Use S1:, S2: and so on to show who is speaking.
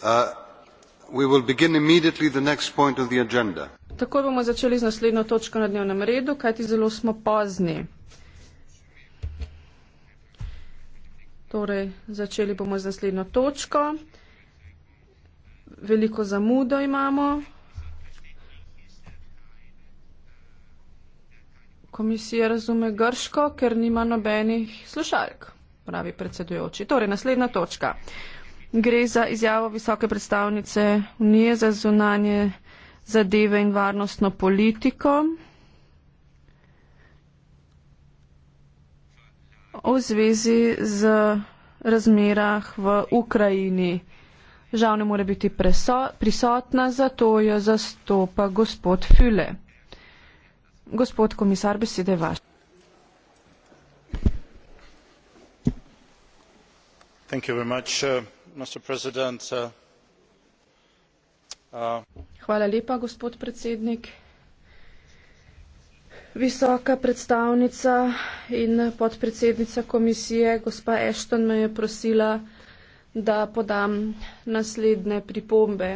S1: Uh,
S2: takoj bomo začeli z naslednjo točko na dnevnem redu kajti zelo smo pozni torej začeli bomo z naslednjo točko veliko zamudo imamo komisija razume grško ker nima nobenih slušalk pravi predsedujoči torej naslednja točka Gre za izjavo visoke predstavnice Unije za zunanje zadeve in varnostno politiko v zvezi z razmerah v Ukrajini. Žal ne more biti prisotna, zato jo zastopa gospod Füle. Gospod komisar, besede vaš.
S3: Thank you very much, uh, Uh, uh,
S2: Hvala lepa, gospod predsednik. Visoka predstavnica in podpredsednica komisije, gospa Ashton, me je prosila, da podam naslednje pripombe.